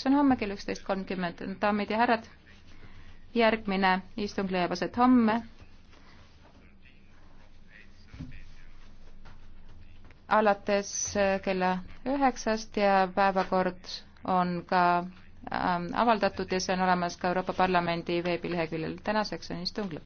see on homme kell üksteist kolmkümmend, daamid ja härrad. järgmine istung leiab aset homme. alates äh, kella üheksast ja päevakord on ka ähm, avaldatud ja see on olemas ka Euroopa Parlamendi veebileheküljel. tänaseks on istung lõppenud.